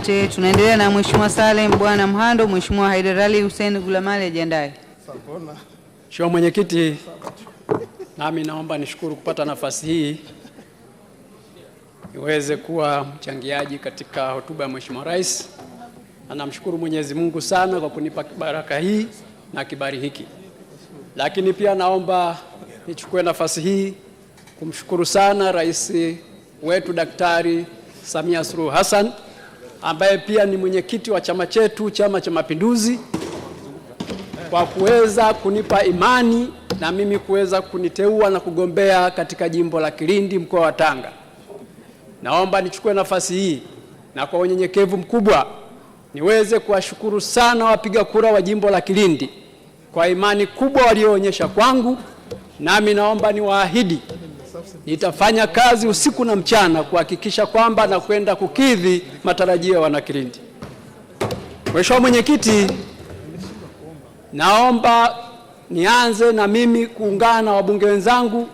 wote. tunaendelea na Mheshimiwa Salem Bwana Mhando, Mheshimiwa Haider Ali Hussein Gulamali ajiandae. Mheshimiwa Mwenyekiti, nami naomba nishukuru kupata nafasi hii niweze kuwa mchangiaji katika hotuba ya Mheshimiwa Rais, na namshukuru Mwenyezi Mungu sana kwa kunipa baraka hii na kibali hiki, lakini pia naomba nichukue nafasi hii kumshukuru sana rais wetu Daktari Samia Suluhu Hassan ambaye pia ni mwenyekiti wa chama chetu, Chama cha Mapinduzi, kwa kuweza kunipa imani na mimi kuweza kuniteua na kugombea katika jimbo la Kilindi, mkoa wa Tanga. Naomba nichukue nafasi hii na kwa unyenyekevu mkubwa niweze kuwashukuru sana wapiga kura wa jimbo la Kilindi kwa imani kubwa walioonyesha kwangu, nami naomba niwaahidi Nitafanya kazi usiku na mchana kuhakikisha kwamba nakwenda kukidhi matarajio ya Wanakilindi. Mheshimiwa Mwenyekiti, naomba nianze na mimi kuungana na wabunge wenzangu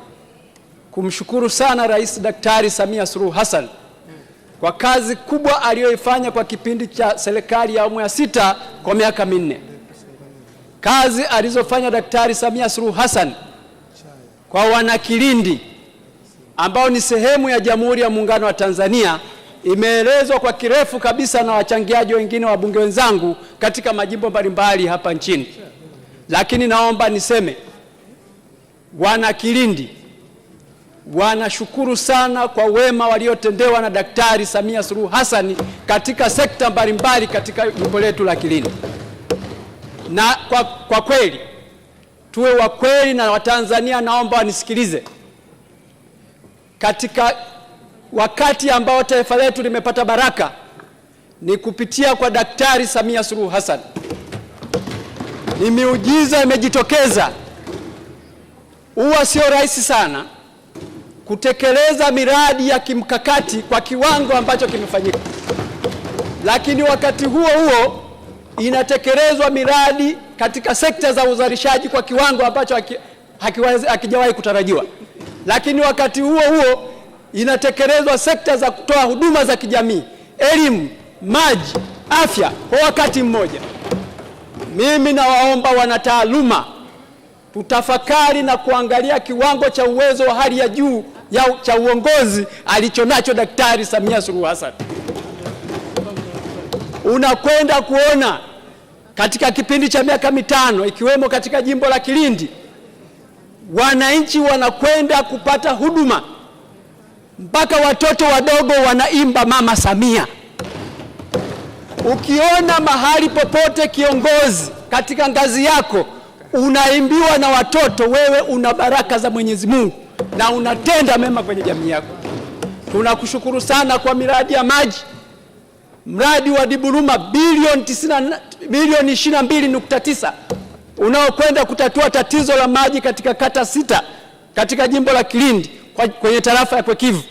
kumshukuru sana Rais Daktari Samia Suluhu Hassan kwa kazi kubwa aliyoifanya kwa kipindi cha serikali ya awamu ya sita kwa miaka minne. Kazi alizofanya Daktari Samia Suluhu Hassan kwa Wanakilindi ambao ni sehemu ya Jamhuri ya Muungano wa Tanzania imeelezwa kwa kirefu kabisa na wachangiaji wengine wabunge wenzangu katika majimbo mbalimbali hapa nchini. Lakini naomba niseme wana Kilindi wanashukuru sana kwa wema waliotendewa na Daktari Samia Suluhu Hassan katika sekta mbalimbali katika jimbo letu la Kilindi. Na kwa, kwa kweli tuwe wa kweli na Watanzania, naomba wanisikilize katika wakati ambao taifa letu limepata baraka ni kupitia kwa Daktari Samia Suluhu Hassan. Ni miujiza imejitokeza. Huwa sio rahisi sana kutekeleza miradi ya kimkakati kwa kiwango ambacho kimefanyika, lakini wakati huo huo inatekelezwa miradi katika sekta za uzalishaji kwa kiwango ambacho hakijawahi kutarajiwa lakini wakati huo huo inatekelezwa sekta za kutoa huduma za kijamii, elimu, maji, afya kwa wakati mmoja. Mimi nawaomba wanataaluma, tutafakari na kuangalia kiwango cha uwezo wa hali ya juu ya cha uongozi alichonacho Daktari Samia Suluhu Hassan. Unakwenda kuona katika kipindi cha miaka mitano ikiwemo katika jimbo la Kilindi wananchi wanakwenda kupata huduma, mpaka watoto wadogo wanaimba Mama Samia. Ukiona mahali popote kiongozi katika ngazi yako unaimbiwa na watoto, wewe una baraka za Mwenyezi Mungu na unatenda mema kwenye jamii yako. Tunakushukuru sana kwa miradi ya maji, mradi wa Dibuluma bilioni 22.9 unaokwenda kutatua tatizo la maji katika kata sita katika jimbo la Kilindi kwenye tarafa ya Kwekivu,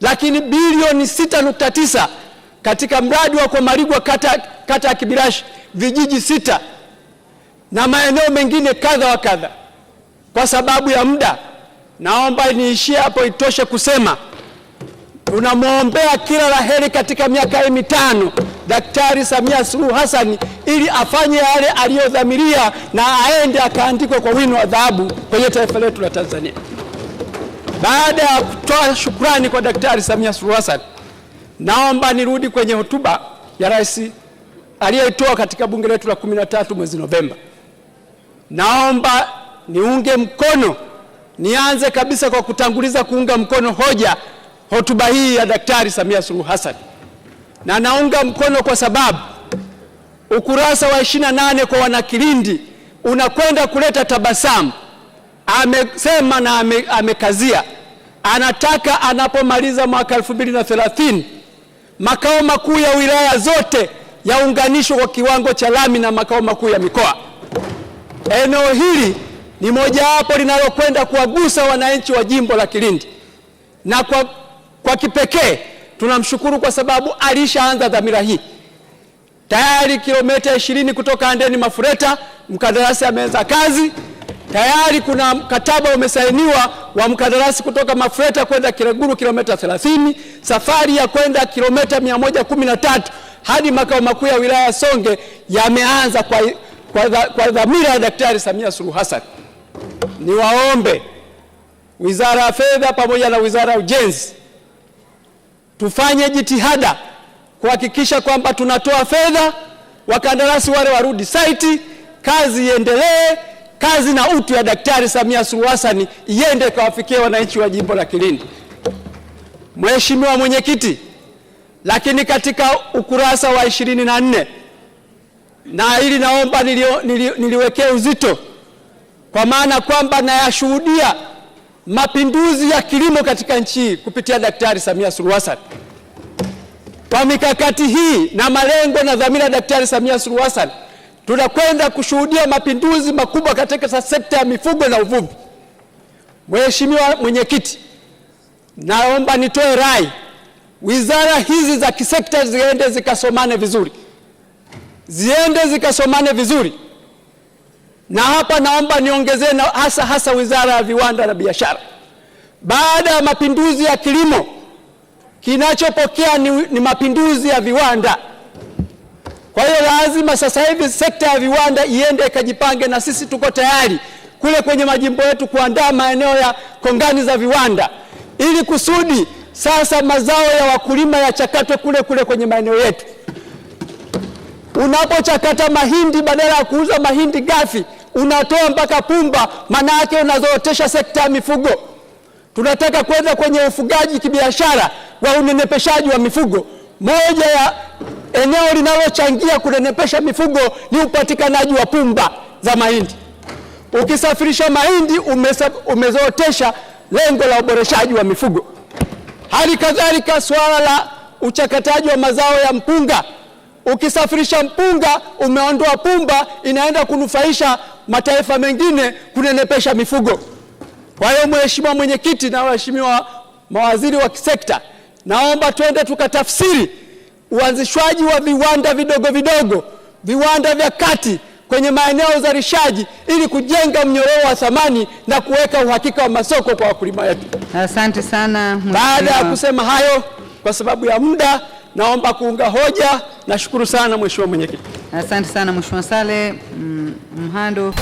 lakini bilioni tisa katika mradi wa Kwamarigwa kata, kata ya Kibirashi vijiji sita na maeneo mengine kadha wa kadha. Kwa sababu ya muda, naomba niishie hapo. Itoshe kusema tunamwombea kila la heri katika miaka hii mitano. Daktari Samia Suluhu Hassan ili afanye yale aliyodhamiria na aende akaandikwe kwa wino wa dhahabu kwenye taifa letu la Tanzania. Baada ya kutoa shukrani kwa Daktari Samia Suluhu Hassan, naomba nirudi kwenye hotuba ya rais aliyoitoa katika bunge letu la 13 mwezi Novemba. Naomba niunge mkono, nianze kabisa kwa kutanguliza kuunga mkono hoja hotuba hii ya Daktari Samia Suluhu Hassan na naunga mkono kwa sababu ukurasa wa 28 kwa wanakilindi unakwenda kuleta tabasamu. Amesema na ame, amekazia anataka anapomaliza mwaka na 2030 makao makuu ya wilaya zote yaunganishwe kwa kiwango cha lami na makao makuu ya mikoa. Eneo hili ni mojawapo linalokwenda kuwagusa wananchi wa jimbo la Kilindi na kwa, kwa kipekee Tunamshukuru kwa sababu alishaanza dhamira hii tayari. Kilomita ishirini kutoka Handeni Mafureta, mkandarasi ameanza kazi tayari. Kuna mkataba umesainiwa wa mkandarasi kutoka Mafureta kwenda Kireguru kilomita 30, safari ya kwenda kilomita 113 hadi makao makuu ya wilaya Songe yameanza kwa, kwa, kwa dhamira ya Daktari Samia Suluhu Hassan. Niwaombe Wizara ya Fedha pamoja na Wizara ya Ujenzi tufanye jitihada kuhakikisha kwamba tunatoa fedha, wakandarasi wale warudi saiti, kazi iendelee, kazi na utu ya Daktari Samia Suluhu Hassan iende kawafikia wananchi wa jimbo la Kilindi. Mheshimiwa Mwenyekiti, lakini katika ukurasa wa ishirini na nne na hili naomba niliwekee uzito kwa maana kwamba nayashuhudia mapinduzi ya kilimo katika nchi hii kupitia Daktari Samia Suluhu Hassan. Kwa mikakati hii na malengo na dhamira ya Daktari Samia Suluhu Hassan, tunakwenda kushuhudia mapinduzi makubwa katika sekta ya mifugo na uvuvi. Mheshimiwa Mwenyekiti, naomba nitoe rai wizara hizi za kisekta ziende zikasomane vizuri, ziende zikasomane vizuri na hapa naomba niongezee na hasa hasa Wizara ya Viwanda na Biashara. Baada ya mapinduzi ya kilimo, kinachopokea ni, ni mapinduzi ya viwanda. Kwa hiyo lazima sasa hivi sekta ya viwanda iende ikajipange, na sisi tuko tayari kule kwenye majimbo yetu kuandaa maeneo ya kongani za viwanda ili kusudi sasa mazao ya wakulima yachakatwe kule kule kwenye maeneo yetu. Unapochakata mahindi badala ya kuuza mahindi ghafi unatoa mpaka pumba, maana yake unazootesha sekta ya mifugo. Tunataka kwenda kwenye ufugaji kibiashara wa unenepeshaji wa mifugo. Moja ya eneo linalochangia kunenepesha mifugo ni upatikanaji wa pumba za mahindi. Ukisafirisha mahindi umezootesha lengo la uboreshaji wa mifugo. Hali kadhalika suala la uchakataji wa mazao ya mpunga, ukisafirisha mpunga umeondoa pumba, inaenda kunufaisha mataifa mengine kunenepesha mifugo. Kwa hiyo Mheshimiwa Mwenyekiti na waheshimiwa mawaziri wa kisekta, naomba twende tukatafsiri uanzishwaji wa viwanda vidogo vidogo, viwanda vya kati kwenye maeneo ya uzalishaji ili kujenga mnyororo wa thamani na kuweka uhakika wa masoko kwa wakulima wetu. Asante sana. Baada ya kusema hayo, kwa sababu ya muda, naomba kuunga hoja. Nashukuru sana Mheshimiwa Mwenyekiti. Asante sana Mheshimiwa Sale mm, Mhando.